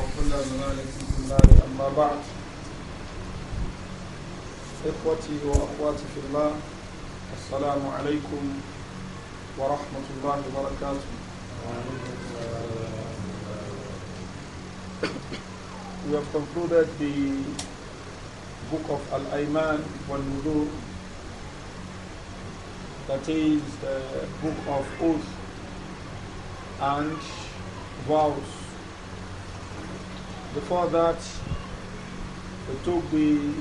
وكل ذلك في النار أما بعد إخوتي وأخواتي في الله السلام عليكم ورحمة الله وبركاته We have concluded the book of Al-Ayman wal-Nudur that is the book of oath and vows Before that, we took the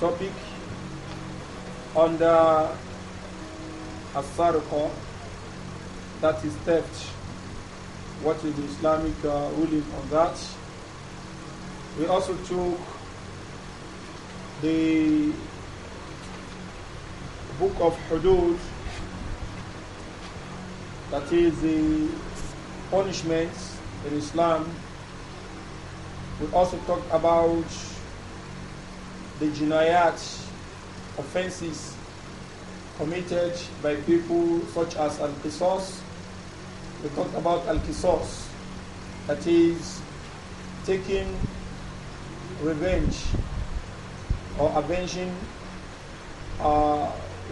topic under Asarqa, that is theft. What is the Islamic uh, ruling on that? We also took the book of Hudud, that is the punishments in Islam we also talked about the jinayat, offenses committed by people such as Al-Qisas. We talked about Al-Qisas, that is taking revenge or avenging uh,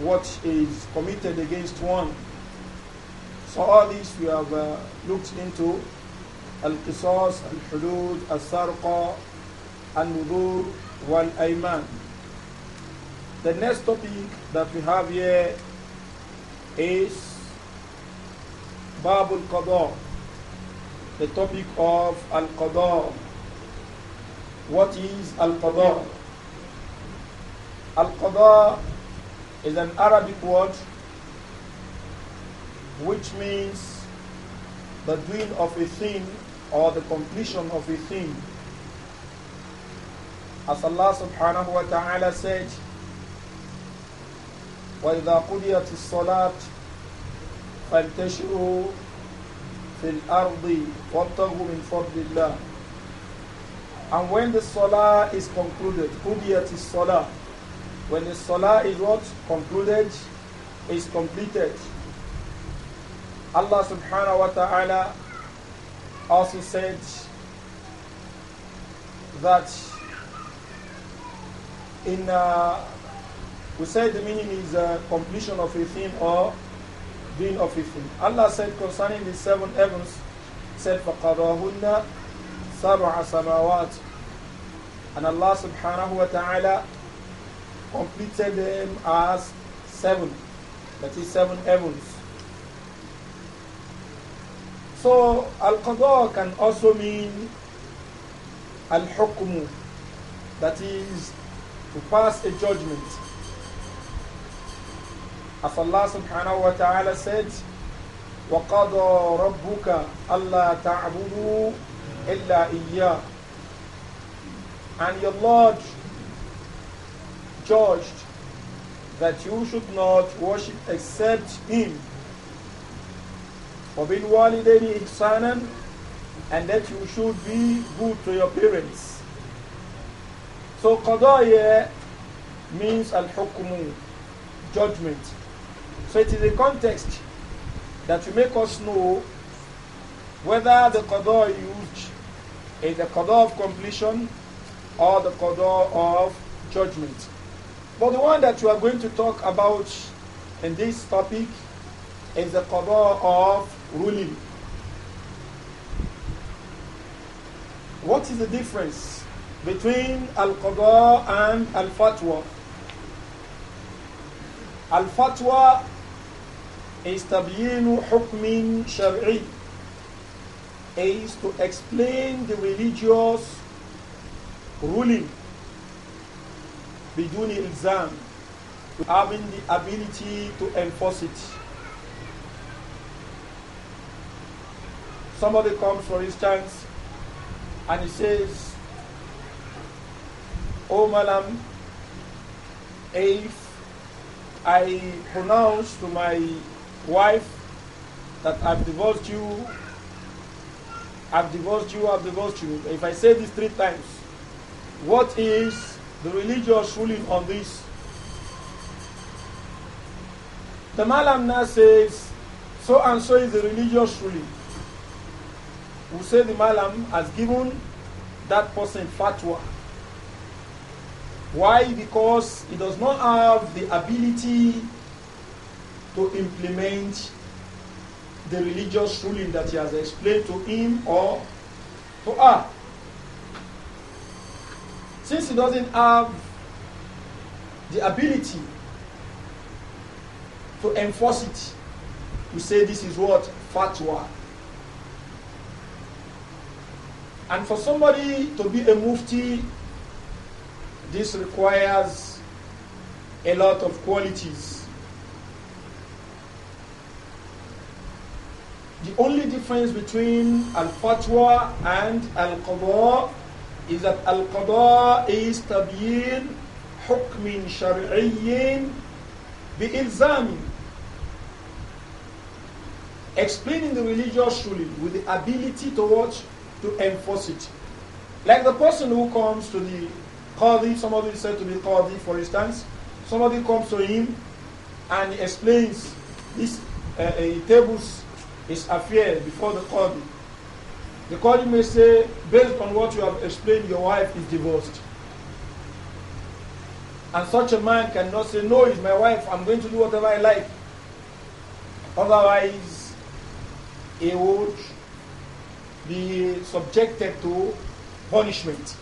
what is committed against one. So all this we have uh, looked into القصاص الحدود السرقة النذور والأيمان The next topic that we have here is باب القضاء The topic of القضاء What is القضاء القضاء is an Arabic word which means the doing of a thing or the completion of a thing. As Allah subhanahu wa ta'ala said, وإذا قضيت الصلاة فانتشروا في الأرض وابتغوا من فضل الله And when the salah is concluded, قضيت الصلاة When the salah is what? Concluded, is completed. Allah subhanahu wa ta'ala also said that in uh, we said the meaning is uh, completion of a thing or being of a thing. Allah said concerning the seven heavens, said فَقَضَاهُنَّ سَبْعَ سَمَاوَاتٍ And Allah subhanahu wa ta'ala completed them as seven, that is seven heavens. So al-qada can also mean al-hukmu, that is to pass a judgment. As Allah subhanahu wa ta'ala said, وَقَضَى رَبُّكَ أَلَّا تَعْبُدُوا إِلَّا إِيَّاهُ And your Lord judged that you should not worship except Him وَبِالْوَالِدَيْنِ إِحْسَانًا And that you should be good to your parents. So qadaya means al-hukmu, judgment. So it is a context that will make us know whether the qada used is the qada of completion or the qada of judgment. But the one that we are going to talk about in this topic is the qada of ruling. What is the difference between Al-Qadha and Al-Fatwa? Al-Fatwa is تبيين حكم شرعي is to explain the religious ruling بدون إلزام having the ability to enforce it Somebody comes, for instance, and he says, Oh, madam, if I pronounce to my wife that I've divorced you, I've divorced you, I've divorced you, if I say this three times, what is the religious ruling on this? The Malam now says, so and so is the religious ruling. We say the Malam has given that person fatwa. Why? Because he does not have the ability to implement the religious ruling that he has explained to him or to her. Since he doesn't have the ability to enforce it, we say this is what? Fatwa. And for somebody to be a mufti, this requires a lot of qualities. The only difference between al fatwa and al qada is that al qada is tabiin hukm shar'iyyin bi ilzamin explaining the religious ruling with the ability to watch to enforce it. Like the person who comes to the Qadi, somebody is said to be Qadi, for instance, somebody comes to him and he explains this, uh, uh, he tables his affair before the Qadi. The Qadi may say, based on what you have explained, your wife is divorced. And such a man cannot say, no, it's my wife, I'm going to do whatever I like. Otherwise, he would be subjected to punishment.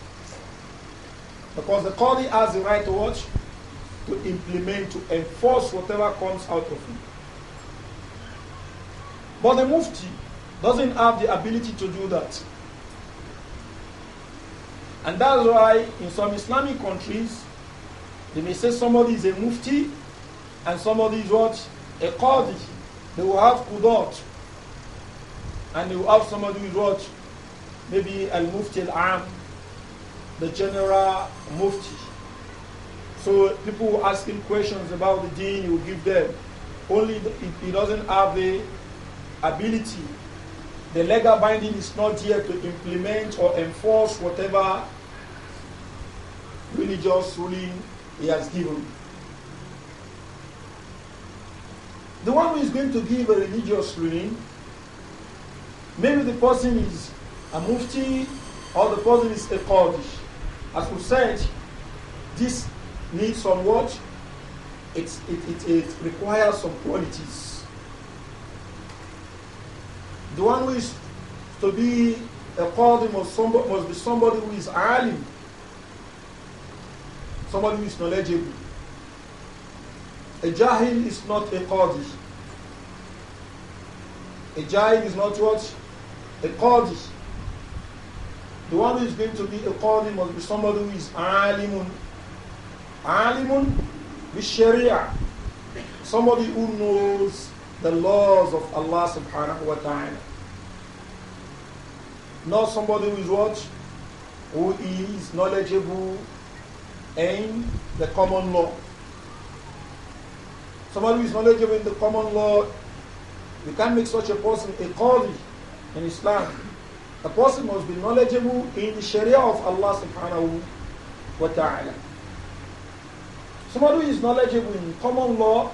Because the Qadi has the right to watch, to implement, to enforce whatever comes out of him. But the Mufti doesn't have the ability to do that. And that's why in some Islamic countries, they may say somebody is a Mufti and somebody is what? A Qadi. They will have Qudot, and you have somebody who what? Maybe Al Mufti Al Am, the general Mufti. So people who ask him questions about the deen, you give them. Only if he doesn't have the ability. The legal binding is not here to implement or enforce whatever religious ruling he has given. The one who is going to give a religious ruling Maybe the person is a mufti or the person is a qadi. As we said, this needs some what? It, it, it, it requires some qualities. The one who is to be a qadi must, somebody, must be somebody who is alim, somebody who is knowledgeable. A jahil is not a qadi. A jahil is not what? a qadi. The one who is going to be a qadi must be somebody who is alimun. Alimun with sharia. Somebody who knows the laws of Allah subhanahu wa ta'ala. Not somebody who is what? Who is knowledgeable in the common law. Somebody who is knowledgeable in the common law, you can't make such a person a qadi in Islam. A person must be knowledgeable in the Sharia of Allah subhanahu wa ta'ala. Somebody who is knowledgeable in common law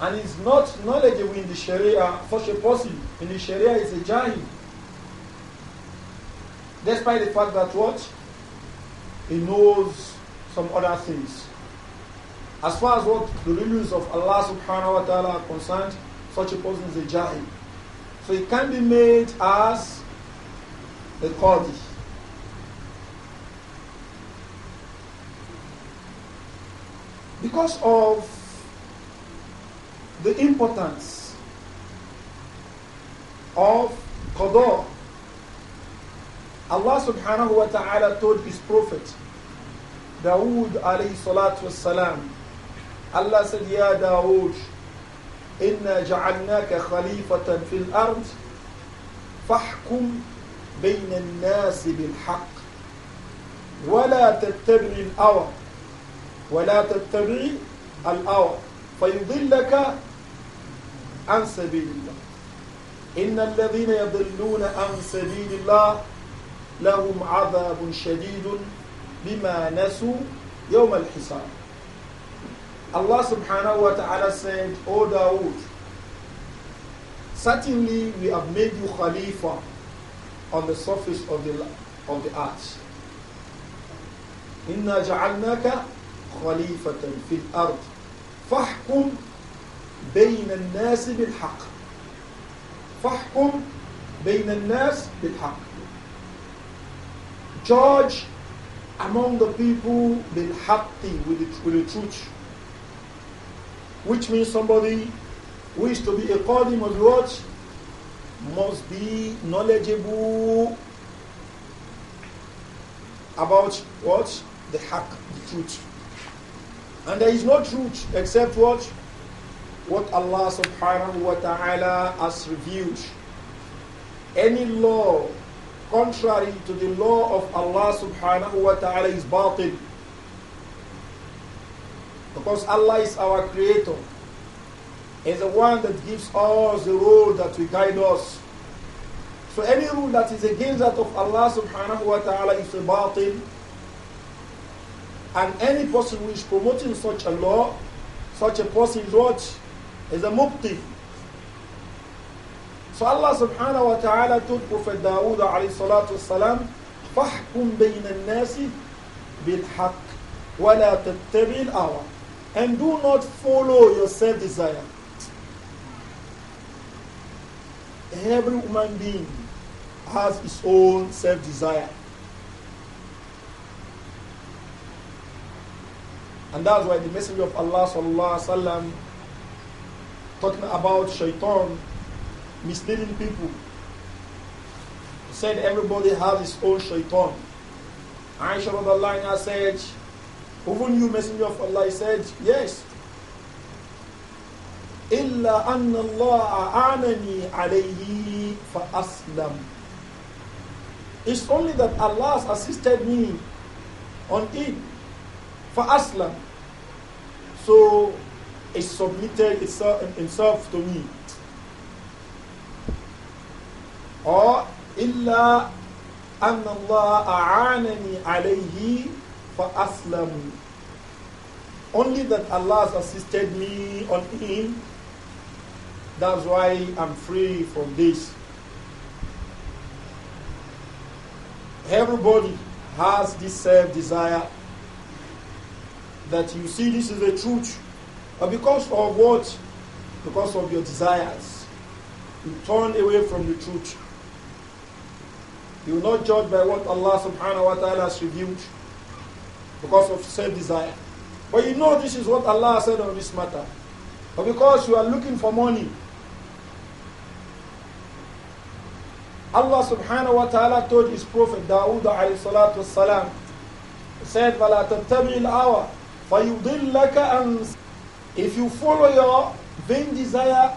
and is not knowledgeable in the Sharia, such a person in the Sharia is a jahil. Despite the fact that what? He knows some other things. As far as what the rules of Allah subhanahu wa ta'ala are concerned, such a person is a jahil. So it can be made as a qadi. Because of the importance of qada, Allah subhanahu wa ta'ala told his prophet, Dawood alayhi salatu wasalam, Allah said, Ya Dawood, إنا جعلناك خليفة في الأرض فاحكم بين الناس بالحق ولا تتبع الأوى ولا تتبع الأوى فيضلك عن سبيل الله إن الذين يضلون عن سبيل الله لهم عذاب شديد بما نسوا يوم الحساب Allah subhanahu wa ta'ala said, O Dawood, certainly we have made you Khalifa on the surface of the, of the earth. إِنَّا جَعَلْنَاكَ خَلِيفَةً فِي الْأَرْضِ فَاحْكُمْ بَيْنَ النَّاسِ بِالْحَقِّ فَاحْكُمْ بَيْنَ النَّاسِ بِالْحَقِّ Judge among the people بالحق with the, with the truth which means somebody who is to be a Qadi must must be knowledgeable about what? The haq, the truth. And there is no truth except what? What Allah subhanahu wa ta'ala has revealed. Any law contrary to the law of Allah subhanahu wa ta'ala is batil. Because Allah is our creator. He's the one that gives us the rule that will guide us. So any rule that is against that of Allah subhanahu wa ta'ala is a batil. And any person who is promoting such a law, such a person is what? Is a mukti. So Allah subhanahu wa ta'ala told Prophet Dawood alayhi salatu wasalam, فَحْكُمْ بَيْنَ النَّاسِ بِالْحَقِّ وَلَا تَتَّبِي الْأَوَىٰ and do not follow your self desire. Every human being has his own self desire. And that's why the Messenger of Allah sallallahu alaihi wasallam talking about shaitan misleading people. said everybody has his own shaitan. Aisha said even you, Messenger of Allah, said, Yes. إلا أن الله أعنني عليه فأسلم It's only that Allah has assisted me on it for Aslam. So it submitted itself to me. Or illa أن Allah أعانني alayhi. For uslam, Only that Allah has assisted me on him. That's why I'm free from this. Everybody has this self-desire that you see this is the truth. But because of what? Because of your desires. You turn away from the truth. You will not judge by what Allah subhanahu wa ta'ala has revealed because of self-desire. But you know this is what Allah said on this matter. But because you are looking for money, Allah subhanahu wa ta'ala told his prophet Dawood alayhi salatu Salam, said, وَلَا تَتَّبِعِ الْأَوَى فَيُضِلَّكَ أَنْ If you follow your vain desire,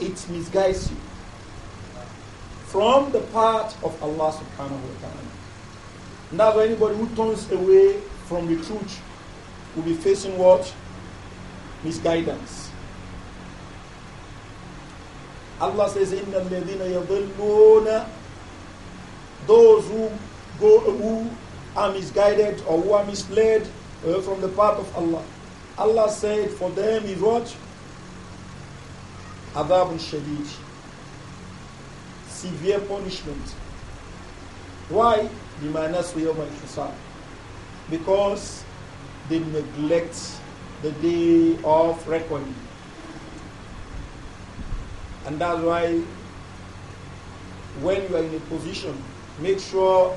it misguides you from the path of Allah subhanahu wa ta'ala. Now, anybody who turns away from the truth will be facing what? Misguidance. Allah says, Inna alladhina yadhilluna Those who go, who are misguided or who are misled uh, from the path of Allah. Allah said for them is what? Adabun Shadid. Severe punishment. Why? بما نسوا يوم الحساب because they neglect the day of reckoning and that's why when you are in a position make sure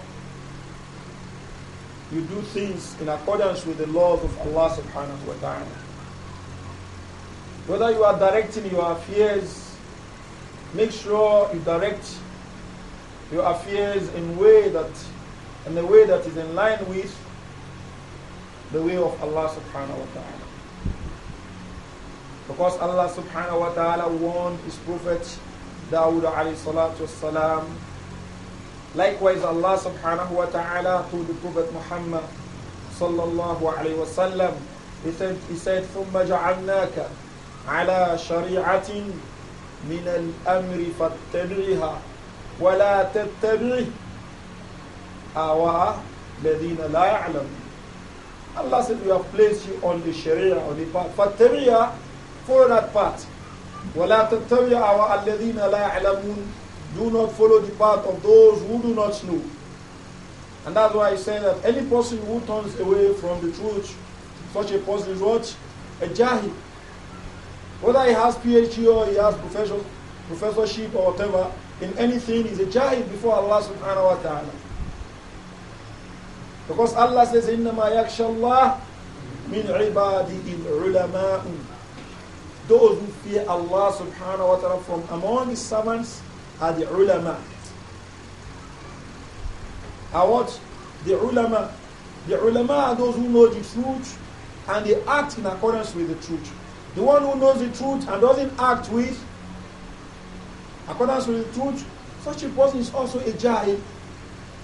you do things in accordance with the laws of Allah subhanahu wa ta'ala whether you are directing your affairs make sure you direct your affairs in a way that in a way that is in line with the way of Allah subhanahu wa ta'ala. Because Allah subhanahu wa ta'ala warned his prophet Dawud alayhi salatu wasalam. Likewise, Allah subhanahu wa ta'ala to the prophet Muhammad sallallahu alayhi wa sallam, he said, he said ثُمَّ جَعَلْنَاكَ عَلَى شَرِيعَةٍ مِنَ الْأَمْرِ فَاتَّبِعِهَا وَلَا تَتَّبِعِ أَوَى الَّذِينَ la يَعْلَمُ Allah said, we have placed you on the Sharia, on the path. فَاتَّبِعَ Follow that path. وَلَا تَتَّبِعَ أَوَى لَا يَعْلَمُونَ Do not follow the path of those who do not know. And that's why I say that any person who turns away from the truth, such a person is what? A jahil. Whether he has PhD or he has professorship or whatever, in anything, he's a jahil before Allah subhanahu wa ta'ala. Because Allah says, إِنَّمَا يَخْشَى اللَّهِ مِنْ عِبَادِهِ الْعُلَمَاءُ Those who fear Allah subhanahu wa ta'ala from among His servants are the ulama. Are what? The ulama. The ulama are those who know the truth and they act in accordance with the truth. The one who knows the truth and doesn't act with accordance with the truth, such a person is also a jahil.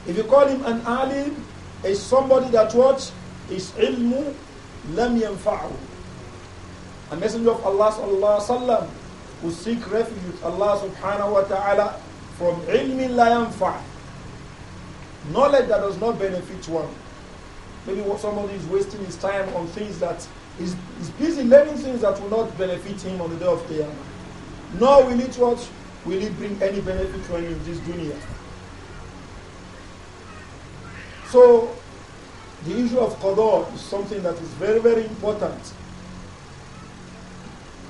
If you call him an alim, is somebody that what? Is ilmu lam yanfa'u. A messenger of Allah sallallahu alaihi wasallam who seek refuge with Allah subhanahu wa ta'ala from ilmi la yanfa'. Knowledge that does not benefit one. Maybe somebody is wasting his time on things that is, is busy learning things that will not benefit him on the day of Qiyamah. Nor will it what? Will it bring any benefit to him in this dunya? So the issue of qadar is something that is very, very important.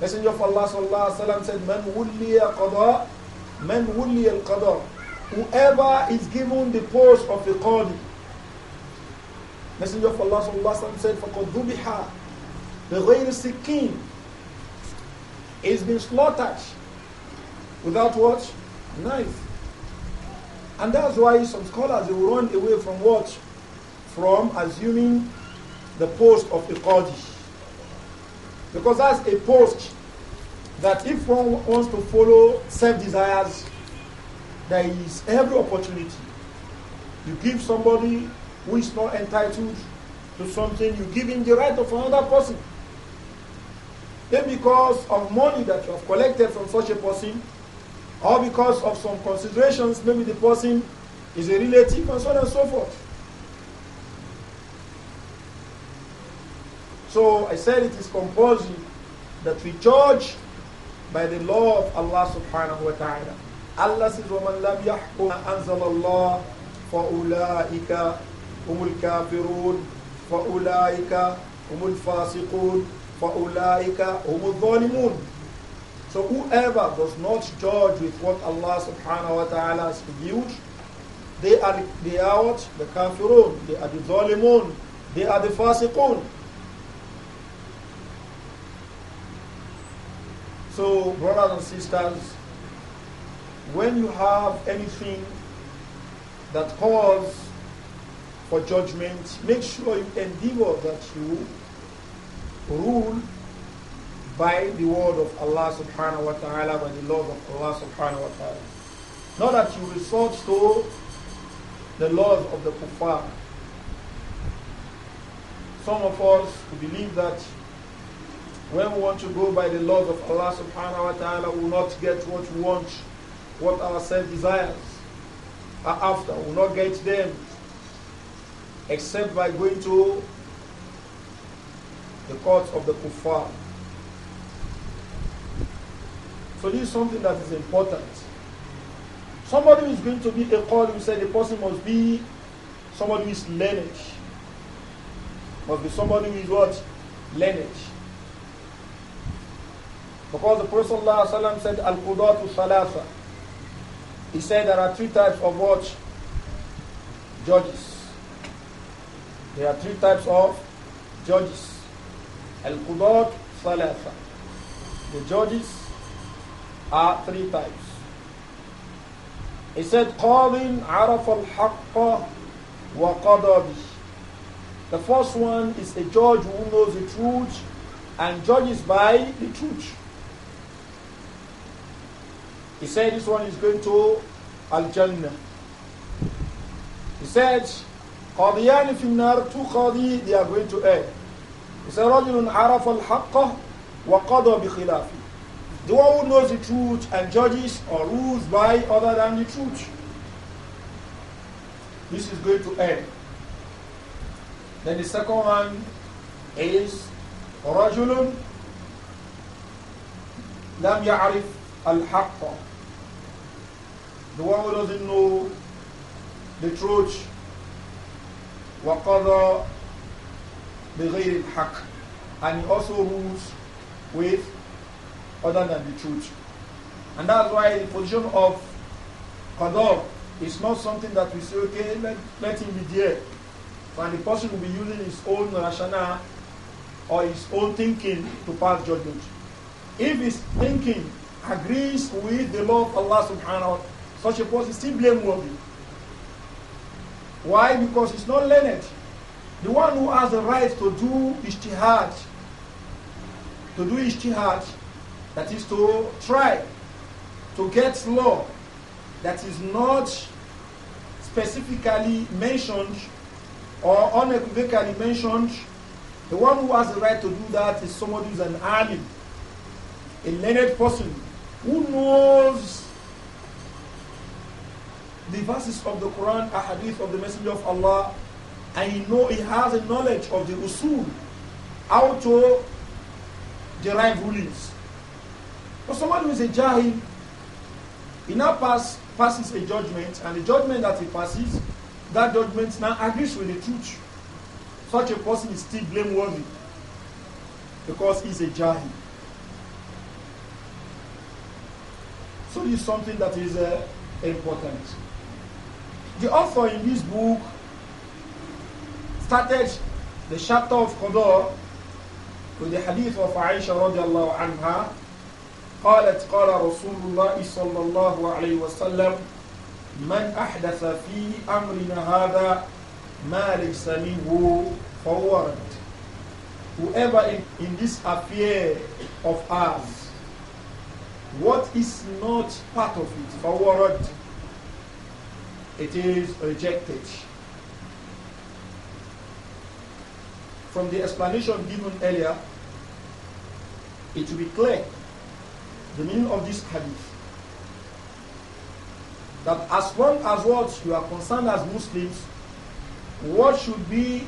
Messenger of Allah sallallahu alaihi wasallam said, "Man wuliya qada, man wuliya al-qada." Whoever is given the post of the qadi. Messenger of Allah sallallahu alaihi wasallam said, "Faqad dhubiha bighayri sikin." It's been slaughtered without what? Knife. And that's why some scholars they will run away from what? From assuming the post of a Qadi. Because that's a post that if one wants to follow self-desires, there is every opportunity. You give somebody who is not entitled to something, you give him the right of another person. Then because of money that you have collected from such a person, or because of some considerations, maybe the person is a relative and so on and so forth. So I said it is compulsory that we judge by the law of Allah subhanahu wa ta'ala. Allah says, وَمَنْ لَمْ يَحْكُمْ أَنْزَلَ اللَّهُ فَأُولَٰئِكَ هُمُ الْكَافِرُونَ فَأُولَٰئِكَ هُمُ الْفَاسِقُونَ فَأُولَٰئِكَ هُمُ الظَّالِمُونَ so whoever does not judge with what Allah subhanahu wa ta'ala has revealed, they are, they are what? The kafirun, they are the zalimun, they are the fasiqun. So, brothers and sisters, when you have anything that calls for judgment, make sure you endeavor that you rule by the word of Allah subhanahu wa ta'ala, by the laws of Allah subhanahu wa ta'ala. Not that you resort to the laws of the kuffar. Some of us believe that when we want to go by the laws of Allah subhanahu wa ta'ala, we will not get what we want, what our self desires are after. We will not get them except by going to the courts of the kuffar. So this is something that is important. Somebody who is going to be a call, you said the person must be somebody who is learned. Must be somebody who is what? Learned. Because the Prophet ﷺ said, Al Qudatu Salasa. He said there are three types of what? Judges. There are three types of judges. Al Qudat Salasa. The judges are uh, three types. He said, قَالٍ عَرَفَ الْحَقَّ wa بِهِ The first one is a judge who knows the truth and judges by the truth. He said this one is going to Al-Jannah. He said, "Qadiyani فِي Two qadi, they are going to air. He said, رَجُلٌ عَرَفَ الْحَقَّ وَقَضَى بِخِلَافِهِ the one who knows the truth and judges or rules by other than the truth. This is going to end. Then the second one is رجل لم يعرف الحق The one who doesn't know the truth وقضى بغير الحق and he also rules with other than the truth. And that's why the position of Qadar is not something that we say, okay, let, let him be there. And the person will be using his own rationale or his own thinking to pass judgment. If his thinking agrees with the law of Allah subhanahu wa ta'ala, such a person is still blameworthy. Why? Because it's not learned. The one who has the right to do ijtihad, to do ijtihad, that is to try to get law that is not specifically mentioned or unequivocally mentioned. The one who has the right to do that is someone who is an alim, a learned person who knows the verses of the Quran, a hadith of the Messenger of Allah, and he know he has a knowledge of the usul, how to derive rulings. But someone who is a jahil, he now pass, passes a judgment, and the judgment that he passes, that judgment now agrees with the truth. Such a person is still blameworthy because he's a jahil. So this is something that is uh, important. The author in this book started the chapter of Qadar with the hadith of Aisha radiallahu anha قالت قال رسول الله صلى الله عليه وسلم من أحدث في أمرنا هذا ما ليس منه فهو رد whoever in, in this affair of ours what is not part of it forward it is rejected from the explanation given earlier it will be clear the meaning of this hadith. That as long as what you are concerned as Muslims, what should be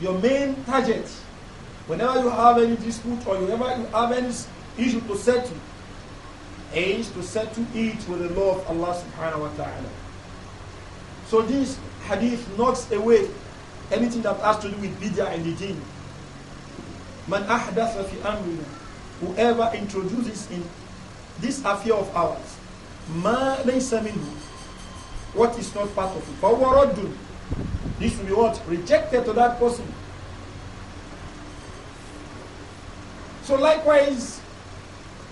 your main target whenever you have any dispute or whenever you have any issue to settle, is to settle it with the law of Allah subhanahu wa ta'ala. So this hadith knocks away anything that has to do with bid'ah and the jinn. Man amrina whoever introduces in this affair of ours, ma what is not part of it. But what do? This will be what? Rejected to that person. So likewise,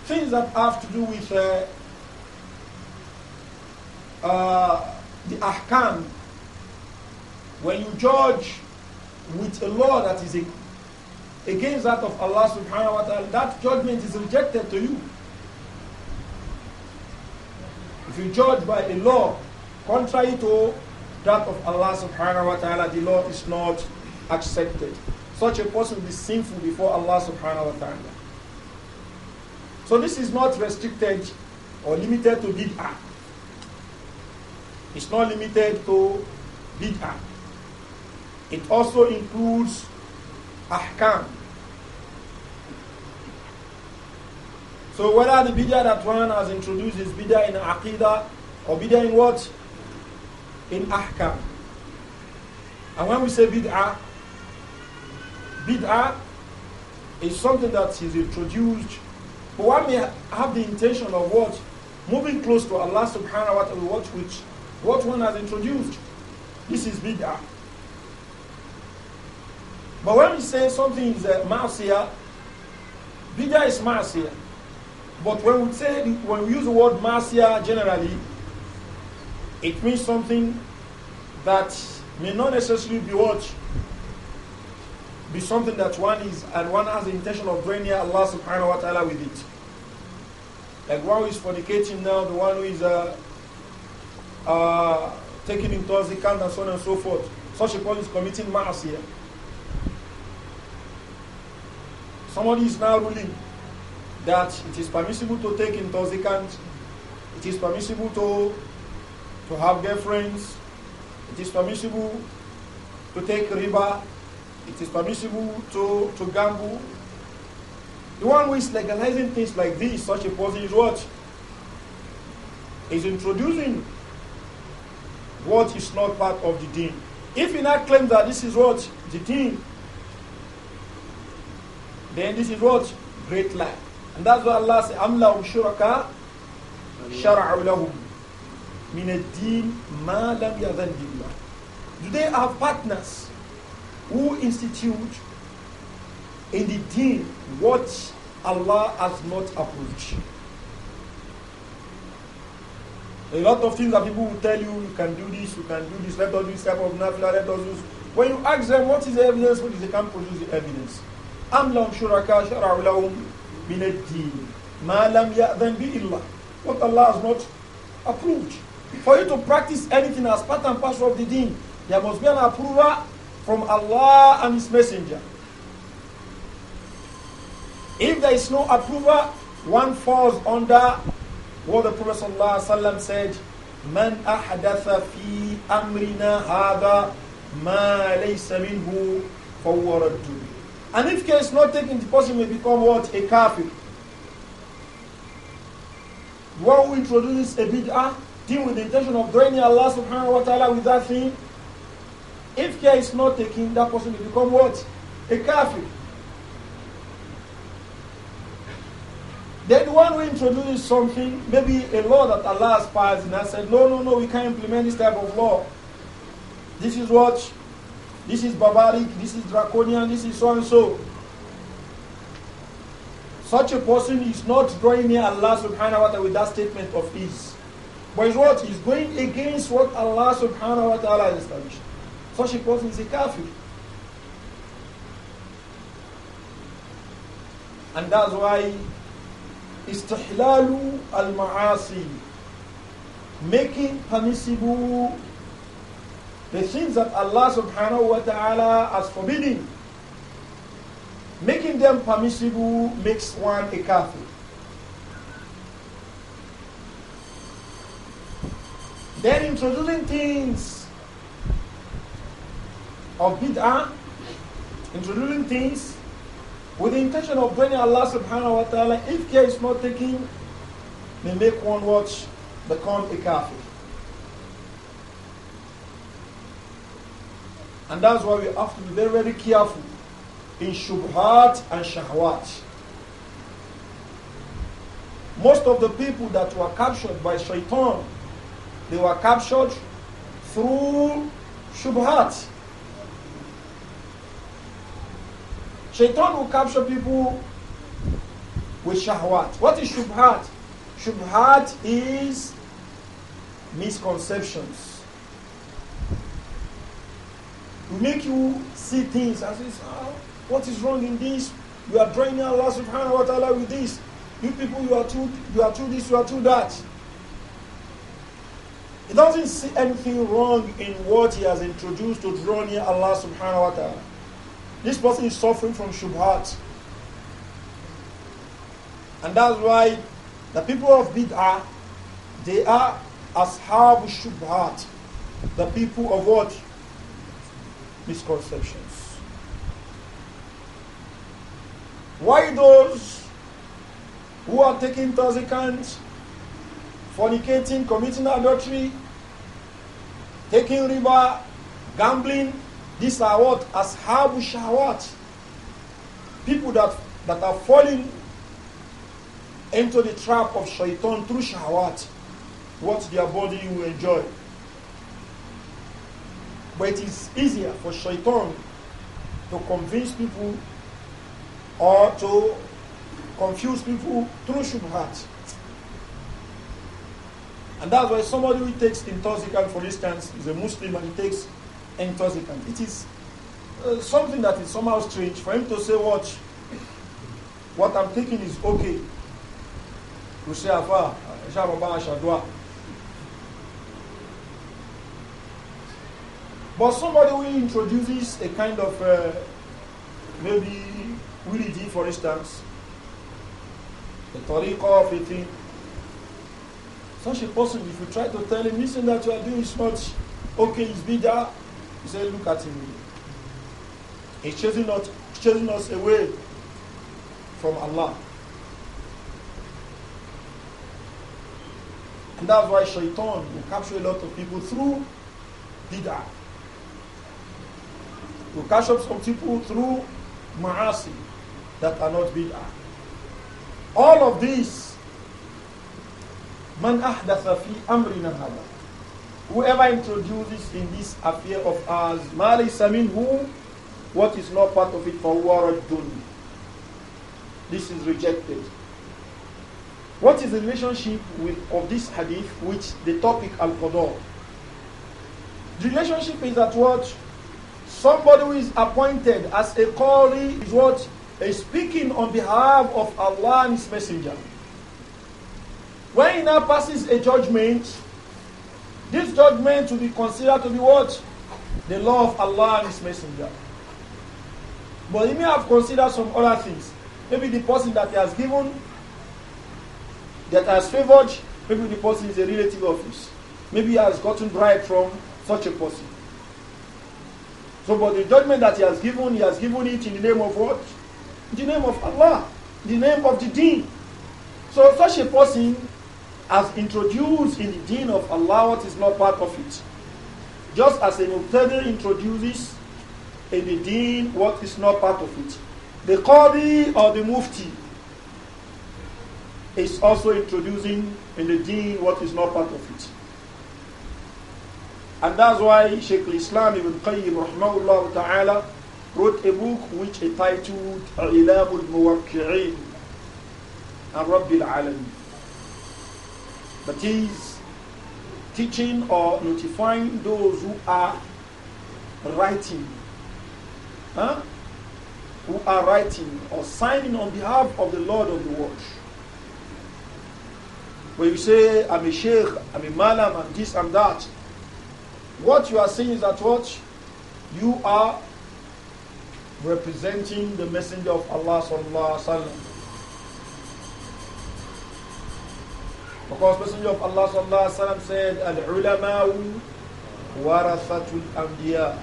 things that have to do with uh, uh, the ahkam, when you judge with a law that is a against that of Allah subhanahu wa ta'ala, that judgment is rejected to you. If you judge by a law contrary to that of Allah subhanahu wa ta'ala, the law is not accepted. Such a person is sinful before Allah subhanahu wa ta'ala. So this is not restricted or limited to bid'ah. It's not limited to bid'ah. It also includes ahkam, So whether the bid'ah that one has introduced is bid'ah in aqidah or bid'ah in what? In ahkam. And when we say bid'ah, bid'ah is something that is introduced, but one may have the intention of what? Moving close to Allah subhanahu wa ta'ala, what, which, what one has introduced. This is bid'ah. But when we say something is a uh, ma'asiyah, bid'ah is ma'asiyah. But when we say when we use the word marcia generally, it means something that may not necessarily be what be something that one is and one has the intention of bringing near Allah subhanahu wa ta'ala with it. Like one who is fornicating now, the one who is uh, uh, taking intoxicant and so on and so forth. Such a person is committing mass here. Somebody is now ruling that it is permissible to take intoxicants, it is permissible to, to have girlfriends, it is permissible to take river, it is permissible to, to gamble. The one who is legalizing things like this, such a person is what? Is introducing what is not part of the deen. If he not claim that this is what? The deen, then this is what? Great lie. And that's why Allah says, أَمْلَهُمْ شُرَكَا شَرَعُوا لَهُمْ مِنَ الدِّينِ مَا لَمْ يَذَنْ بِاللَّهِ Do they have partners who institute in the deen what Allah has not approved? A lot of things that people will tell you, you can do this, you can do this, let us do this type of nafla, let us do this. When you ask them what is the evidence, what is they can't produce the evidence. أَمْ لَهُمْ شُرَكَا شَرَعُوا لَهُمْ min ad-din ma lam ya'dhan bi illah. What Allah has not approved. For you to practice anything as part and parcel of the deen, there must be an approval from Allah and His Messenger. If there is no approval, one falls under what the Prophet wasallam said, Man ahdatha fi amrina hada ma laysa minhu fawwaraddu and if care is not taken, the person may become what? A kafir. One who introduces a bid'ah, deal with the intention of draining Allah subhanahu wa ta'ala with that thing. If care is not taken, that person will become what? A kafir. Then the one who introduces something, maybe a law that Allah has passed, and I said, no, no, no, we can't implement this type of law. This is what this is barbaric, this is draconian, this is so and so. Such a person is not drawing near Allah subhanahu wa ta'ala with that statement of his. But what? He's going against what Allah subhanahu wa ta'ala has established. Such a person is a kafir. And that's why istihlalu al-ma'asi, making permissible the things that Allah subhanahu wa ta'ala has forbidden, making them permissible makes one a kafir. Then introducing things of bid'ah, introducing things with the intention of bringing Allah subhanahu wa ta'ala, if care is not taken, may make one watch become a kafir. And that's why we have to be very, very careful in shubhat and shahwat. Most of the people that were captured by shaitan, they were captured through shubhat. Shaitan will capture people with shahwat. What is shubhat? Shubhat is misconceptions will make you see things as if, oh, ah, what is wrong in this? You are drawing Allah subhanahu wa ta'ala with this. You people, you are too, you are too this, you are too that. He doesn't see anything wrong in what he has introduced to draw near Allah subhanahu wa ta'ala. This person is suffering from shubhat. And that's why the people of bid'ah, they are ashab shubhat. The people of what? misconceptions. Why those who are taking toxicants, fornicating, committing adultery, taking river, gambling, these are what? Habu shawat. People that, that are falling into the trap of shaitan through shawat. What their body will enjoy. But it is easier for shaitan to convince people or to confuse people through shubhat. And that's why somebody who takes intoxicant, for instance, is a Muslim and he takes intoxicant. It is uh, something that is somehow strange for him to say, Watch, what I'm taking is okay. You say, Afa, But somebody who introduces a kind of uh, maybe Wilidi, for instance, a tariqah, thing, such a person, if you try to tell him, listen, that you are doing is not okay, it's bidah. you say, look at him. He's chasing us, chasing us away from Allah. And that's why shaitan will capture a lot of people through bid'ah to catch up some people through ma'asi that are not bid'ah. All of these, man ahdatha fi amrina hada. Whoever introduces in this affair of ours, ma Samin, who, what is not part of it, فَهُوَ رَجٌّ This is rejected. What is the relationship with, of this hadith with the topic al-qadar? The relationship is that what Somebody who is appointed as a qari is what? Is speaking on behalf of Allah and His Messenger. When he now passes a judgment, this judgment will be considered to be what? The law of Allah and His Messenger. But he may have considered some other things. Maybe the person that he has given, that has favored, maybe the person is a relative of his. Maybe he has gotten bribe from such a person. So, but the judgment that he has given, he has given it in the name of what? In the name of Allah, the name of the deen. So, such a person has introduced in the deen of Allah what is not part of it. Just as a Muqtadi introduces in the deen what is not part of it. The Qadi or the Mufti is also introducing in the deen what is not part of it. And that's why Sheikh Islam ibn Qayyim rahmahullah ta'ala wrote a book which he titled Ilam al-Muwakki'in and Rabbil But That is teaching or notifying those who are writing. Huh? Who are writing or signing on behalf of the Lord of the world. When you say, I'm a sheikh, I'm a malam, and this, and that, what you are saying is that what you are representing the messenger of Allah sallallahu alaihi wasallam. Because messenger of Allah sallallahu alaihi wasallam said, "Al ulama warathatul anbiya."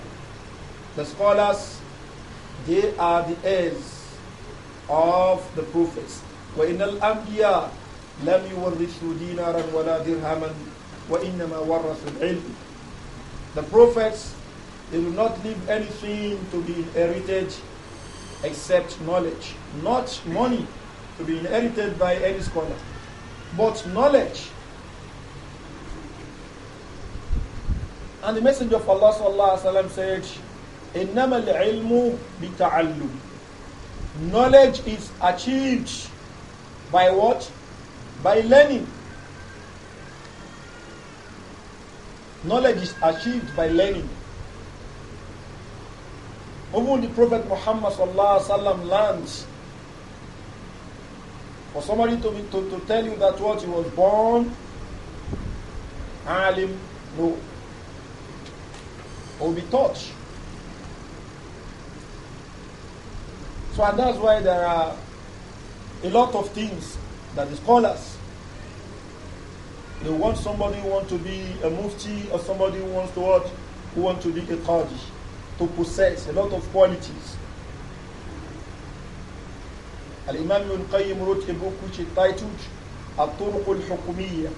The scholars, they are the heirs of the prophets. Wa وإن الأنبياء لم يورثوا دينارا ولا درهما وإنما ورثوا ilm the prophets, they do not leave anything to be inherited except knowledge. Not money to be inherited by any scholar, but knowledge. And the Messenger of Allah said, "Innama al-ilmu Knowledge is achieved by what? By learning. Knowledge is achieved by learning. Even the Prophet Muhammad sallam, learns. For somebody to, be, to, to tell you that what he was born, alim, no. Or be taught. So and that's why there are a lot of things that the scholars they want somebody who wants to be a mufti or somebody who wants to what? Who wants to be a qadi, to possess a lot of qualities. Al-Imam Ibn Qayyim wrote a book which is titled At-Turuq al-Hukumiyya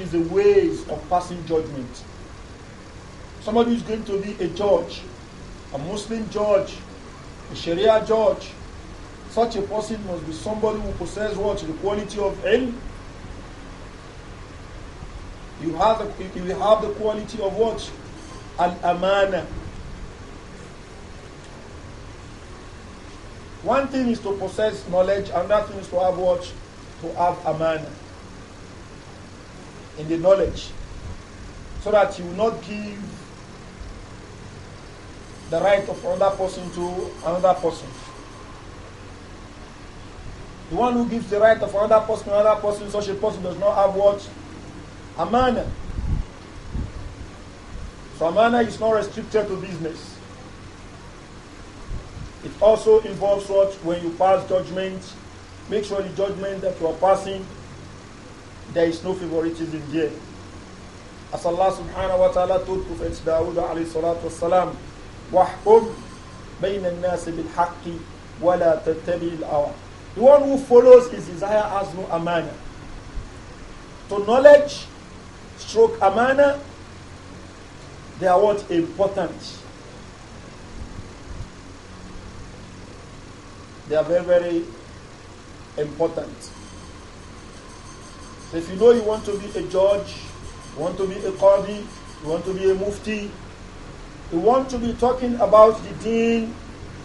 is the ways of passing judgment. Somebody is going to be a judge, a Muslim judge, a Sharia judge. Such a person must be somebody who possesses what? The quality of ilm you have the, you have the quality of what? Al-amana. One thing is to possess knowledge, another thing is to have what? To have amana in the knowledge. So that you will not give the right of another person to another person. The one who gives the right of another person to another person, such a person does not have what? amana. So amana is not restricted to business. It also involves what when you pass judgment, make sure the judgment that you are passing, there is no favoritism there. As Allah subhanahu wa ta'ala told Prophet Dawood alayhi salatu wasalam, وَحْكُمْ بَيْنَ النَّاسِ بِالْحَقِّ وَلَا تَتَّبِي الْأَوَىٰ The one who follows his desire has no amana. To knowledge stroke amana, they are what important. They are very, very important. So if you know you want to be a judge, you want to be a qadi, you want to be a mufti, you want to be talking about the deen,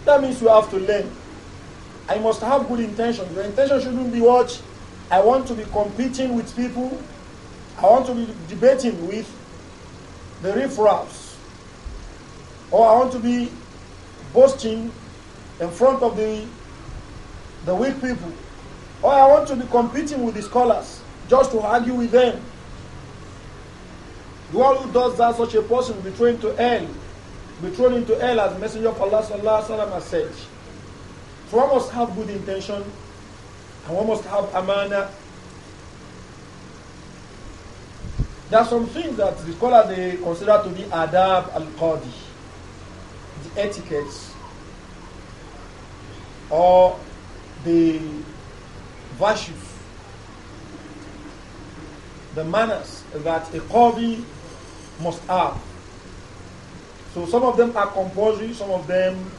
that means you have to learn. I must have good intention. Your intention shouldn't be what? I want to be competing with people I want to be debating with the riffraffs, or I want to be boasting in front of the the weak people, or I want to be competing with the scholars just to argue with them. The one who does that, such a person will be thrown to hell, be thrown into hell, as Messenger of Allah sallallahu alaihi wasallam said. So one must have good intention, and one must have amana There are some things that the scholars they consider to be adab al qadi, the etiquettes, or the virtues, the manners that a qadi must have. So some of them are compulsory, some of them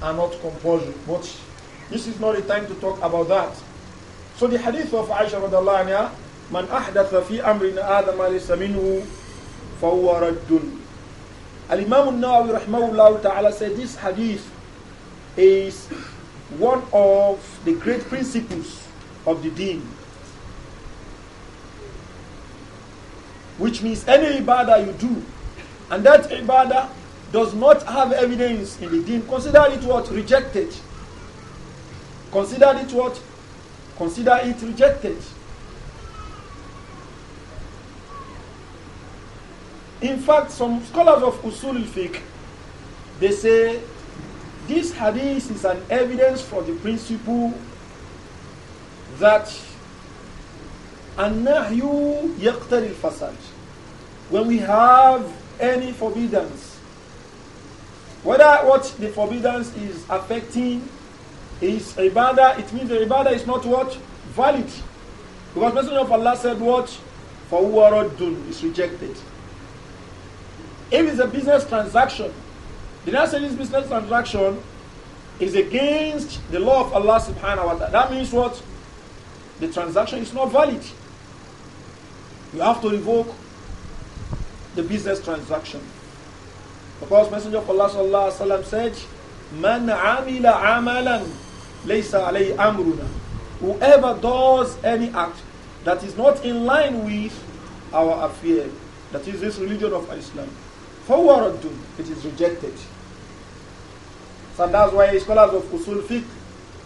are not compulsory. But this is not the time to talk about that. So the hadith of Aisha radiallahu anha من أحدث في أمرنا هذا ما ليس منه فهو رد Al-Imam al-Nawawi rahimahullah said this hadith is one of the great principles of the deen. Which means any ibadah you do, and that ibadah does not have evidence in the deen, consider it what? Rejected. Consider it what? Consider it rejected. In fact, some scholars of Usul fiqh they say this hadith is an evidence for the principle that النهي يقتضي fasad when we have any forbiddance whether what the forbiddance is affecting is ibadah it means the ibadah is not what valid because messenger of Allah said what for who are done is rejected if it's a business transaction, the national business transaction is against the law of Allah subhanahu wa ta'ala. That means what? The transaction is not valid. You have to revoke the business transaction. Because Messenger of Allah sallallahu wa wasallam said, "Man amila amalan laysa alayhi amruna." Whoever does any act that is not in line with our affair, that is this religion of Islam, فَوَرَدٌ It is rejected. So that's why scholars of Usul Fiqh,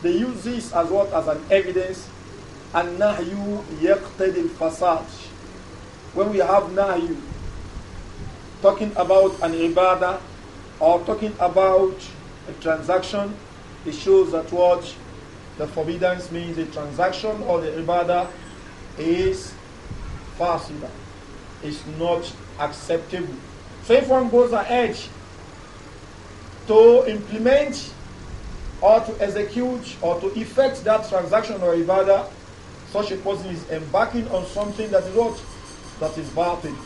they use this as what? As an evidence. And nahyu yaqtadi al-fasad. When we have nahyu, talking about an ibadah or talking about a transaction, it shows that what the forbiddance means a transaction or the ibadah is fasida. It's not acceptable. So if one goes ahead to implement or to execute or to effect that transaction or ibadah, such a person is embarking on something that is what? That is batil.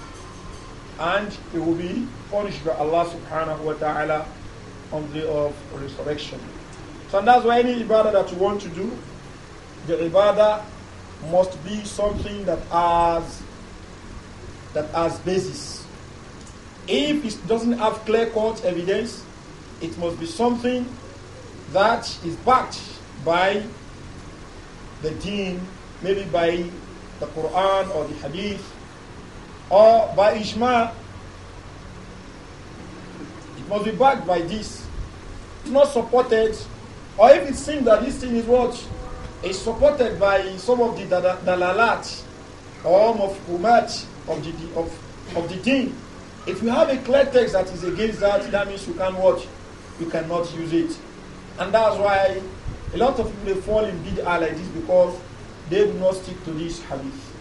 And he will be punished by Allah subhanahu wa ta'ala on the day of resurrection. So that's why any ibadah that you want to do, the ibadah must be something that has that has basis if it doesn't have clear cut evidence, it must be something that is backed by the deen, maybe by the Quran or the Hadith, or by Ijma. It must be backed by this. It's not supported, or if it seems that this thing is what is supported by some of the dalalat or of umat of the of, of the deen, if you have a clear text that is against that, that means you can't watch, you cannot use it. And that's why a lot of people fall in bid'ah like this because they do not stick to this hadith.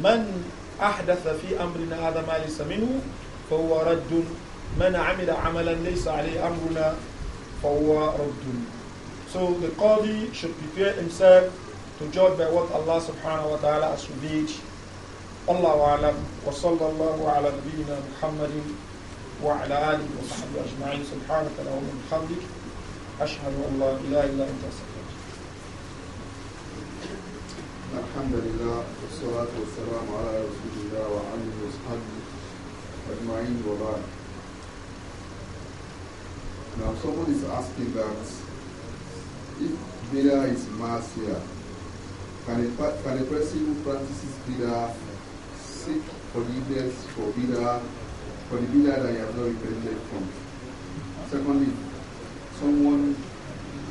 Man أحدث في أمرنا هذا ما ليس منه فهو man من amalan عملا ليس عليه أمرنا فهو رد So the Qadi should prepare himself to judge by what Allah subhanahu wa ta'ala has revealed الله أعلم وصلى الله على نبينا محمد وعلى آله وصحبه أجمعين سبحانك اللهم وبحمدك أشهد أن لا إله إلا أنت أستغفرك الحمد لله والصلاة والسلام على رسول الله وعلى آله وصحبه أجمعين وبعد Now someone is asking that if Bida is mass here, can a, can a person who practices Bida seek forgiveness for Bila for the bidah that you have not repented from. Secondly, someone,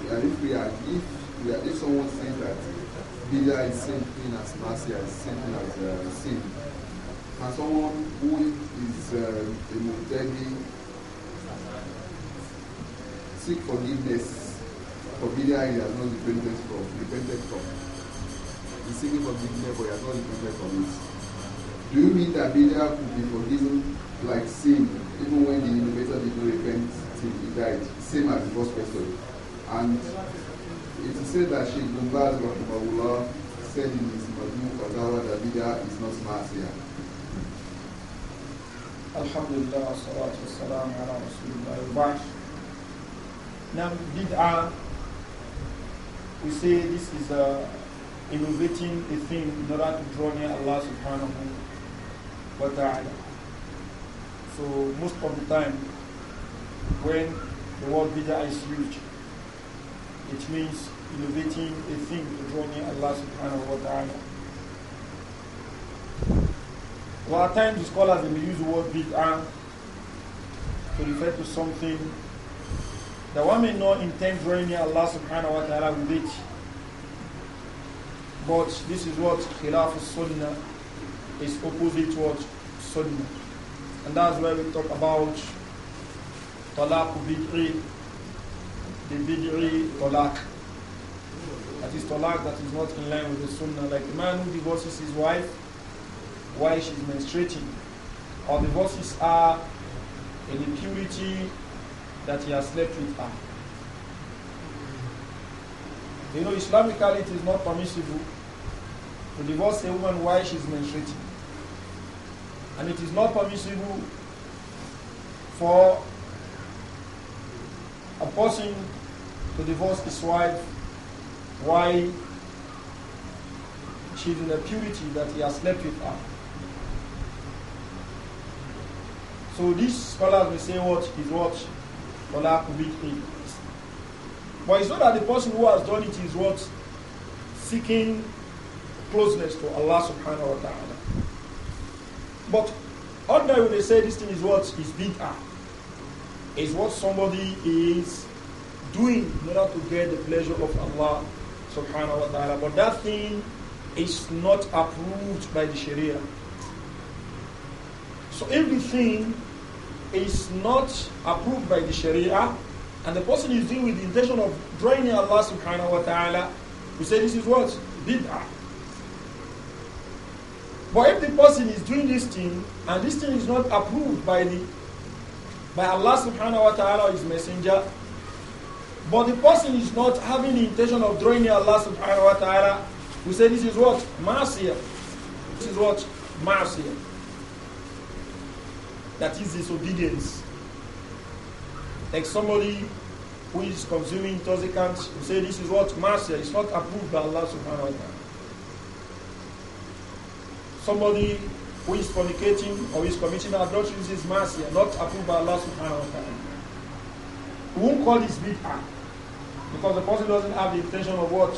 if we are, if we are, if someone says that Bila is same thing as mercy, as same thing as uh, sin, and someone who is uh, a Mutegi seek forgiveness for Bila he has not repented from, repented from. He's seeking forgiveness, but he has not repented from it do you mean that Bidia could be forgiven like sin, even when the innovator did not repent till he died, same as the first person? And it is said that Sheikh Gumbaz Rahimahullah said in his Majmu Fatawa that Bidia is not Marcia. Alhamdulillah, salatu wassalam ala Rasulullah. Now, bid'ah, we say this is uh, innovating a thing in order to draw near Allah subhanahu وتعالى. Uh, so most of the time, when the word bid'ah is used, it means innovating a thing to draw near Allah subhanahu wa ta'ala. So at times the scholars they will use the word bid'ah to refer to something that one may not intend drawing near Allah subhanahu wa ta'ala with it. But this is what khilaf sunnah is opposite what sunnah. And that's where we talk about talaq bid'i, the bid'i talaq. That is talaq that is not in line with the sunnah. Like a man who divorces his wife while she's menstruating, or divorces her in the purity that he has slept with her. You know, Islamically it is not permissible to divorce a woman while she's menstruating. And it is not permissible for a person to divorce his wife while she's in the purity that he has slept with her. So these scholars may say what is what Ola Kubitni. But it's not that the person who has done it is what seeking closeness to Allah subhanahu wa ta'ala. But when they say this thing is what is bid'ah. Is what somebody is doing in order to get the pleasure of Allah subhanahu wa ta'ala. But that thing is not approved by the Sharia. So everything is not approved by the Sharia and the person is doing with the intention of draining Allah subhanahu wa ta'ala, we say this is what? Bid'ah. But if the person is doing this thing and this thing is not approved by the by Allah subhanahu wa ta'ala his messenger, but the person is not having the intention of drawing near Allah subhanahu wa ta'ala, we say this is what? Marcia. This is what? Marcia. That is disobedience. Like somebody who is consuming intoxicants, we say this is what? Marcia. It's not approved by Allah subhanahu wa ta'ala somebody who is fornicating or is committing adultery is mercy and not approved by Allah subhanahu wa ta'ala. We won't call this bid'ah because the person doesn't have the intention of what?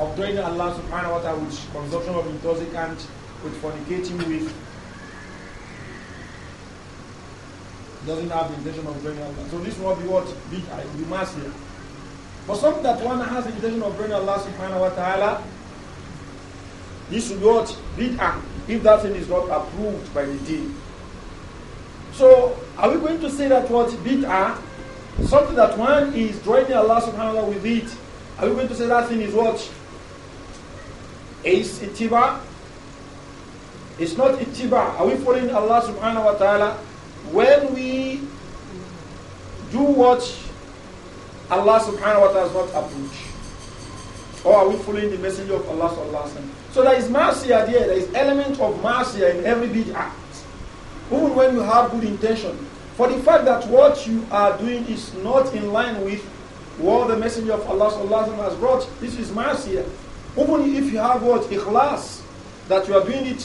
Of doing Allah subhanahu wa ta'ala with consumption of intoxicant, with fornicating with. Doesn't have the intention of doing Allah. So this will be what? Bid'ah, it will be mercy. But something that one has the intention of doing Allah subhanahu wa ta'ala this should be what? Bid'ah. If that thing is not approved by the deen. So, are we going to say that what bid'ah, something that one is joining Allah subhanahu wa ta'ala with it, are we going to say that thing is what? Is itiba? It's not itiba. Are we following Allah subhanahu wa ta'ala? When we do what Allah subhanahu wa ta'ala does not approve? Or are we following the messenger of Allah Subhanahu wa ta'ala? So there is mercy there, there is element of mercy in every big act. Even when you have good intention. For the fact that what you are doing is not in line with what the messenger of Allah sallallahu has brought, this is mercy. Even if you have what? Ikhlas, that you are doing it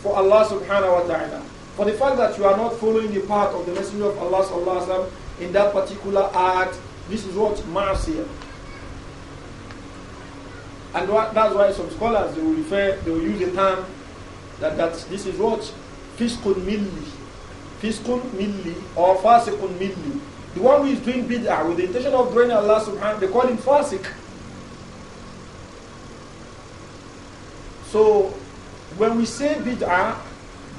for Allah subhanahu wa ta'ala. For the fact that you are not following the path of the messenger of Allah sallallahu in that particular act, this is what? mercy. And that's why some scholars they will refer, they will use the term that, that this is what? Fiskun milli. Fiskun milli or fasikun milli. The one who is doing bid'ah with the intention of joining Allah subhanahu they call him fasik. So when we say bid'ah,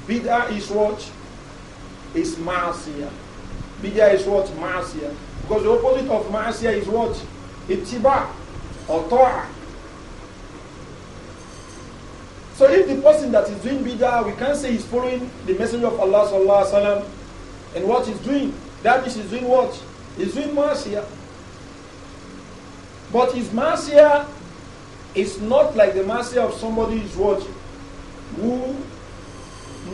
bid'ah is what? Is ma'asiyah. Bid'ah is what? Ma'asiyah. Because the opposite of ma'asiyah is what? Ittiba or ta'ah. So if the person that is doing bid'ah, we can't say he's following the messenger of Allah sallallahu alaihi wasallam and what he's doing. That he's doing what? He's doing marcia. But his marcia is not like the marcia of somebody who's watching, who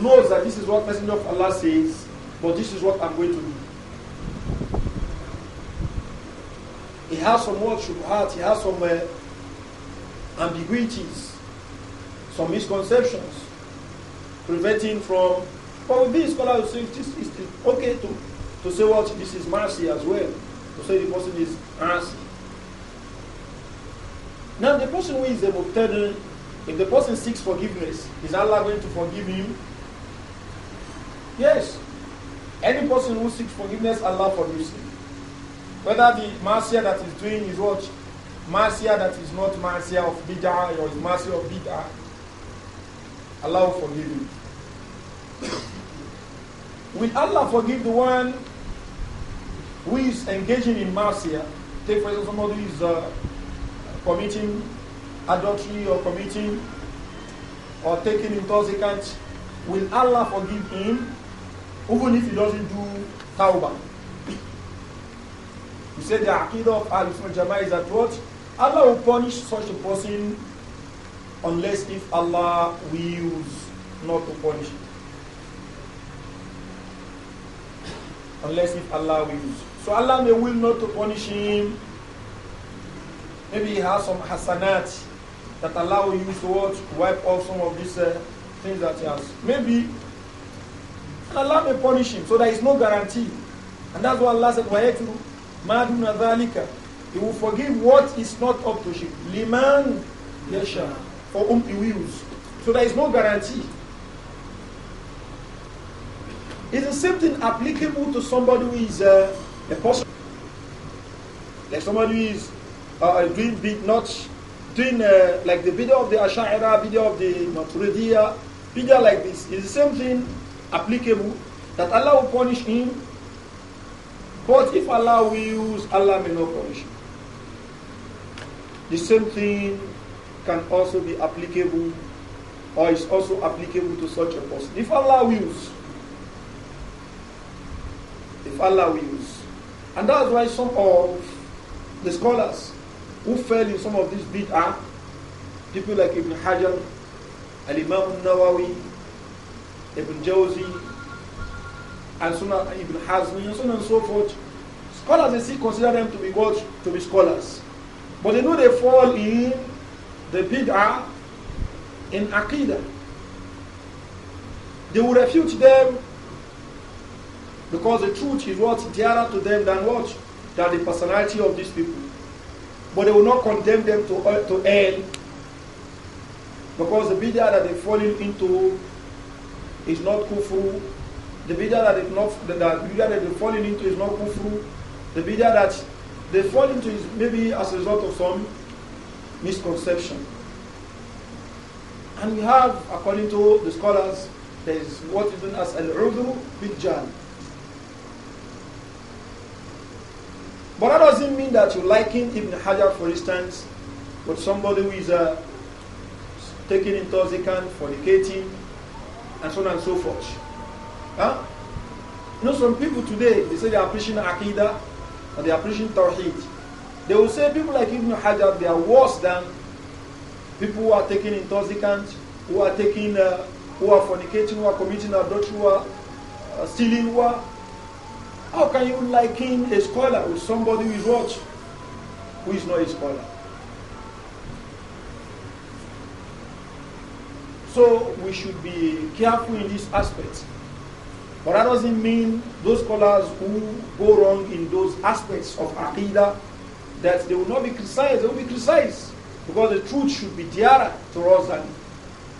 knows that this is what messenger of Allah says, but this is what I'm going to do. He has some what he has some uh, ambiguities some misconceptions, preventing from. But with this scholar will say this is okay to, to say what this is mercy as well. To say the person is mercy. Now the person who is a tell, if the person seeks forgiveness, is Allah going to forgive him? Yes. Any person who seeks forgiveness, Allah forgives him. Whether the mercy that is doing is what? mercy that is not mercy of bid'ah or is mercy of bid'ah. Allah will forgive you. Will Allah forgive the one who is engaging in mercy? Take for example somebody is uh, committing adultery or committing or taking intoxicant. Will Allah forgive him even if he doesn't do tawbah? You say the aqidah of al islam is that what? Allah will punish such a person unless if Allah wills not to punish it. Unless if Allah wills. So Allah may will not to punish him. Maybe he has some hasanat that Allah will use to wipe off some of these uh, things that he has. Maybe Allah may punish him. So there is no guarantee. And that's why Allah said, وَيَكْفِرُ He will forgive what is not up to shirk for whom he wills. So there is no guarantee. Is the same thing applicable to somebody who is uh, a person? Like somebody who is uh, uh doing big, not doing uh, like the video of the Ash'ara, video of the Maturidiyya, video like this. Is the same thing applicable that Allah will punish him? But if Allah wills, Allah may not punish him. The same thing can also be applicable or is also applicable to such a person. If Allah wills, if Allah wills. And that's why some of the scholars who fell in some of these bid'ah, people like Ibn Hajar, Al Imam Nawawi, Ibn Jawzi, and so on, Ibn Hazmi, and so on and so forth, scholars they still consider them to be good, To be scholars. But they know they fall in the bid'ah in Aqidah. They will refute them because the truth is what dearer to them than what? Than the personality of these people. But they will not condemn them to, uh, to hell because the bid'ah that they've fallen into is not kufru. The bid'ah that they've not bid'ah that they've fallen into is not kufru. The bid'ah that they fall into is maybe as a result of some misconception. And we have, according to the scholars, there is what is known as al-udru bil-jahl. But that doesn't mean that you liken Ibn Hajar, for instance, with somebody who is uh, taking intoxicant, fornicating, and so on and so forth. Huh? You know, some people today, they say they are preaching Aqidah, and they are preaching Tawheed. They will say people like Ibn Hajar, they are worse than people who are taking intoxicants, who are taking, uh, who are fornicating, who are committing adultery, who are uh, stealing, who are. How can you liken a scholar with somebody who is what? Who is not a scholar? So we should be careful in this aspect. But that doesn't mean those scholars who go wrong in those aspects of Aqidah that they will not be criticized, they will be criticized. Because the truth should be dearer to us than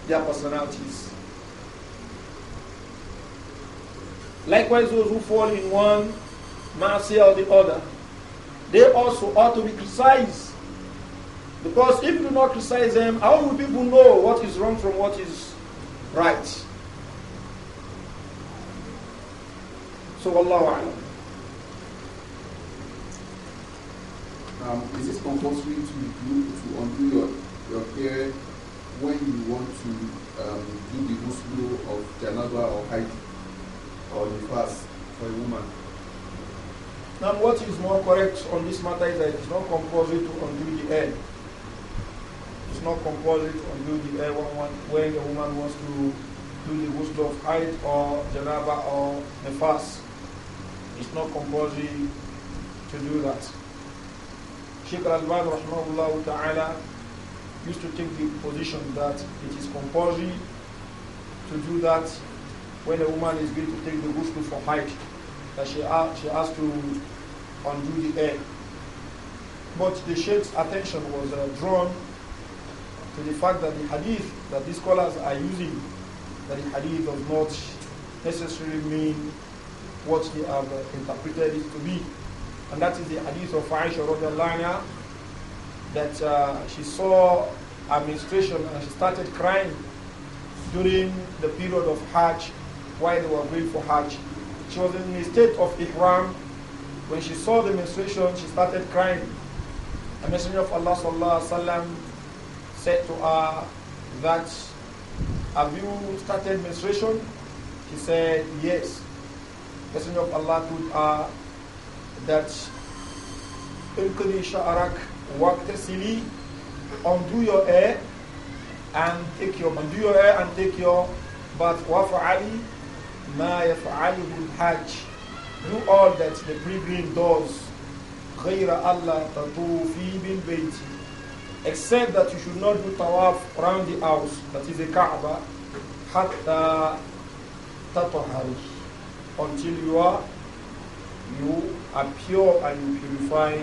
their personalities. Likewise, those who fall in one mercy or the other, they also ought to be criticized. Because if you do not criticize them, how will people know what is wrong from what is right? So, Allah Alam. Um, is it compulsory to do to undo your your hair when you want to um, do the ghusl of janaba or hajj or the fast for a woman? Now, what is more correct on this matter is that it's not compulsory to undo the hair. It's not compulsory to undo the hair when, a woman wants to do the ghusl of hajj or janaba or the fast. It's not compulsory to do that. Sheikh Al-Albani rahmahullah ta'ala used to take the position that it is compulsory to do that when a woman is going to take the ghusl for height, that she, ha she has to undo the hair. But the Sheikh's attention was uh, drawn to the fact that the hadith that these scholars are using, that the hadith does not necessarily mean what they have uh, interpreted it to be. And that is the hadith of Aisha anha, that uh, she saw administration and she started crying during the period of Hajj while they were going for Hajj. She was in a state of ihram. When she saw the menstruation, she started crying. A Messenger of Allah sallallahu sallam, said to her that, have you started menstruation? She said, yes. The Messenger of Allah told her, that Irkudi Sha'arak sili undo your hair and take your undo your hair and take your bath. Wafa'ali ma yafa'alihu hajj. Do all that the pilgrim does. غير Allah tatufi bil bayti. Except that you should not do tawaf around the house, that is the Kaaba, hatta tataharu, until you are you are pure and you purify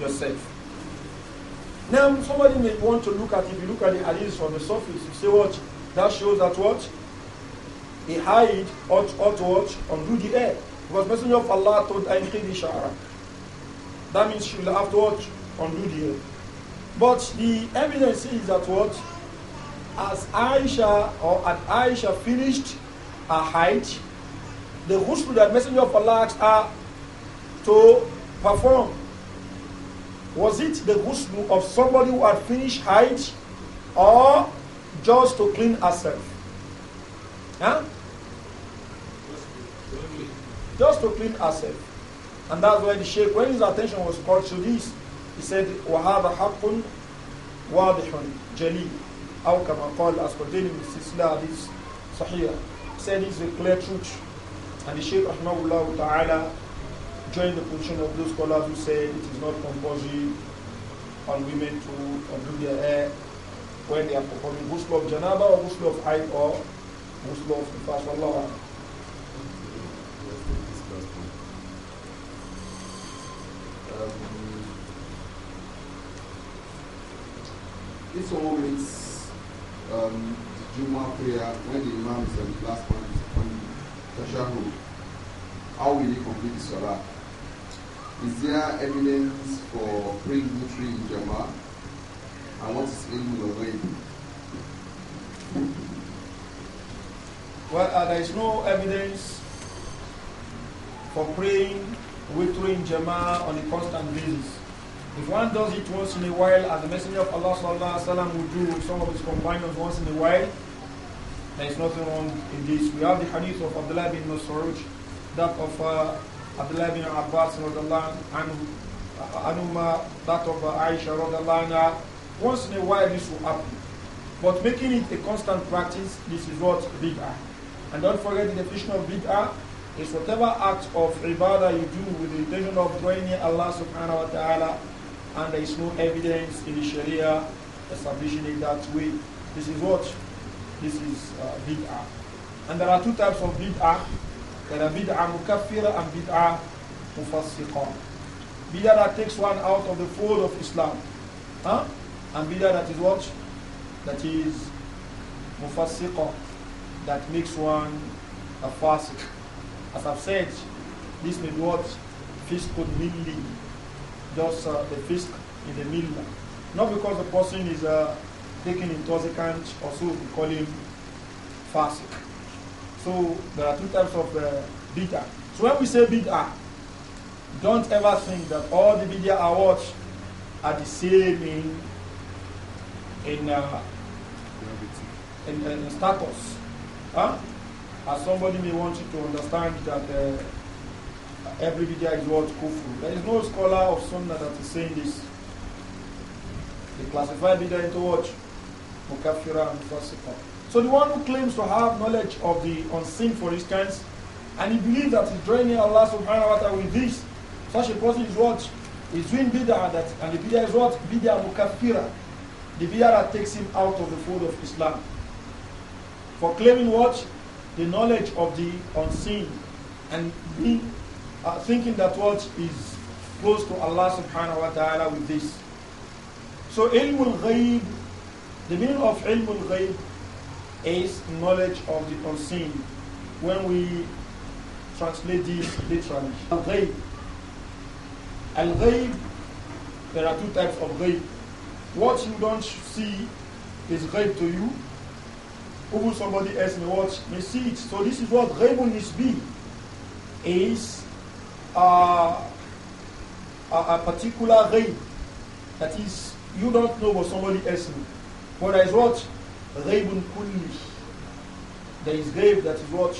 yourself. Now, somebody may want to look at, if you look at the hadith from the surface, you say what? That shows that what? A hide ought, ought to what? Undo the air. Because Messenger of Allah told Ainqidi Shara. That means she will have to what? Undo the air. But the evidence is that what? As Aisha or at Aisha finished her hide, the ghusl that Messenger of Allah asked her to perform? Was it the ghusl of somebody who had finished Hajj or just to clean herself? Huh? Just to clean herself. And that's why the Sheikh, when his attention was called to this, he said, happened حَقٌ واضح جلي أو كما قال أسقطيني من السلسلة حديث صحيح said it's a clear truth and the Shaykh Rahmahullah Ta'ala joined the position of those scholars who said it is not compulsory on women to undo their hair when they are performing ghusl of janaba or ghusl of haid or ghusl of nifas. Wallahu um, This all makes um, the Juma prayer when the imam is on the last one tashahud? How will you complete the salah? Is there evidence for praying three in Jama'ah? And what is ilmu the ghayb Well, uh, there is no evidence for praying three in jama on a constant basis. If one does it once in a while, as the Messenger of Allah would do with some of his companions once in a while, there is nothing wrong in this. We have the hadith of Abdullah bin Mas'ud, that of uh, Abdullah bin Abbas, anhu, uh, Anuma, that of uh, Aisha, anha. Once in a while this will happen. But making it a constant practice, this is what bid'ah. And don't forget the definition of bid'ah is whatever act of ibadah you do with the intention of joining Allah subhanahu wa ta'ala and there is no evidence in the Sharia establishing it that way. This is what this is uh, bid'ah. And there are two types of bid'ah. There are bid'ah mukaffira and bid'ah mufassiqah. Bid'ah that takes one out of the fold of Islam. Huh? And bid'ah that is what? That is mufassiqah. That makes one a fasiq. As I've said, this may be what? Fisqud milli. Just uh, the fisk in the millah. Not because the person is a uh, Taken into account also we call him fasik. So there are two types of uh, bid'ah. So when we say bid'ah, don't ever think that all the bid'ah are what are the same in in uh, in, uh, in, status. Huh? As somebody may want you to understand that uh, every bid'ah is what kufu. There is no scholar of sunnah that is saying this. They classify bid'ah into what mukaffira mufassiqa. So the one who claims to have knowledge of the unseen, for instance, and he believes that he's drawing Allah subhanahu wa ta'ala with this, such a person is what? He's doing bid'ah that, and the bid'ah is what? Bid'ah mukaffira. The bid'ah that takes him out of the fold of Islam. For claiming what? The knowledge of the unseen and being, uh, thinking that what is close to Allah subhanahu wa ta'ala with this. So ilmul ghaib the meaning of ilmul ghayb is knowledge of the unseen. When we translate this literally, al ghayb al ghayb there are two types of ghayb. What you don't see is ghayb to you. Who somebody else may watch may see it. So this is what ghaibun nisbi is uh, a, a particular ghayb That is, you don't know what somebody else knows. What is what? Ghaibun kulli. There is grave that is what?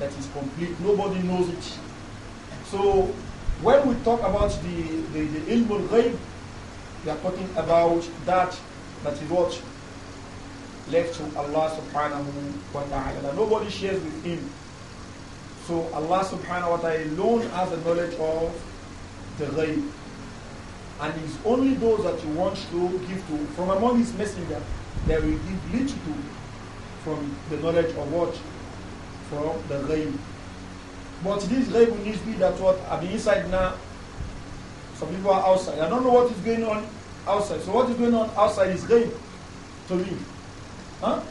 That is complete. Nobody knows it. So when we talk about the, the, the ilmul ghaib, we are talking about that that is what? Left to Allah subhanahu wa ta'ala. Nobody shares with him. So Allah subhanahu wa ta'ala alone has the knowledge of the ghaib and it's only those that you want to give to from among his messenger that will give little to from the knowledge of what from the rain. but this rain needs need be that what i been inside now some people are outside i don't know what is going on outside so what is going on outside is rain to me huh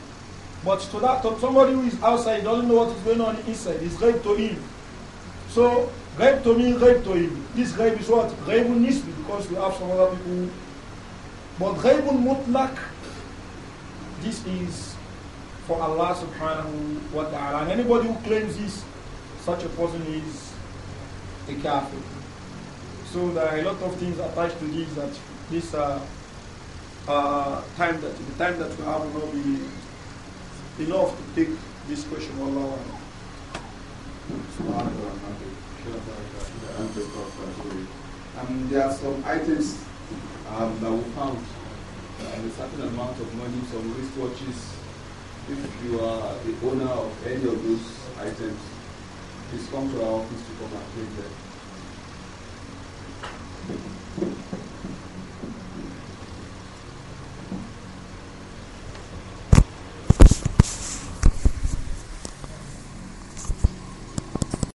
but to that to somebody who is outside doesn't know what is going on inside is rain to him so Ghaib to me, ghaib to him. This ghaib is what? Ghaibun nisbi, because we have some other people. But ghaibun mutlak, this is for Allah subhanahu wa ta'ala. And anybody who claims this, such a person is a kafir. So there are a lot of things attached to this that this uh, uh, time that the time that we have will not be enough to take this question. Allah. Subhanahu wa ta'ala. Um, there are some items um, that we found. Uh, and a certain amount of money, some wristwatches. If you are the owner of any of those items, please come to our office to come and claim them.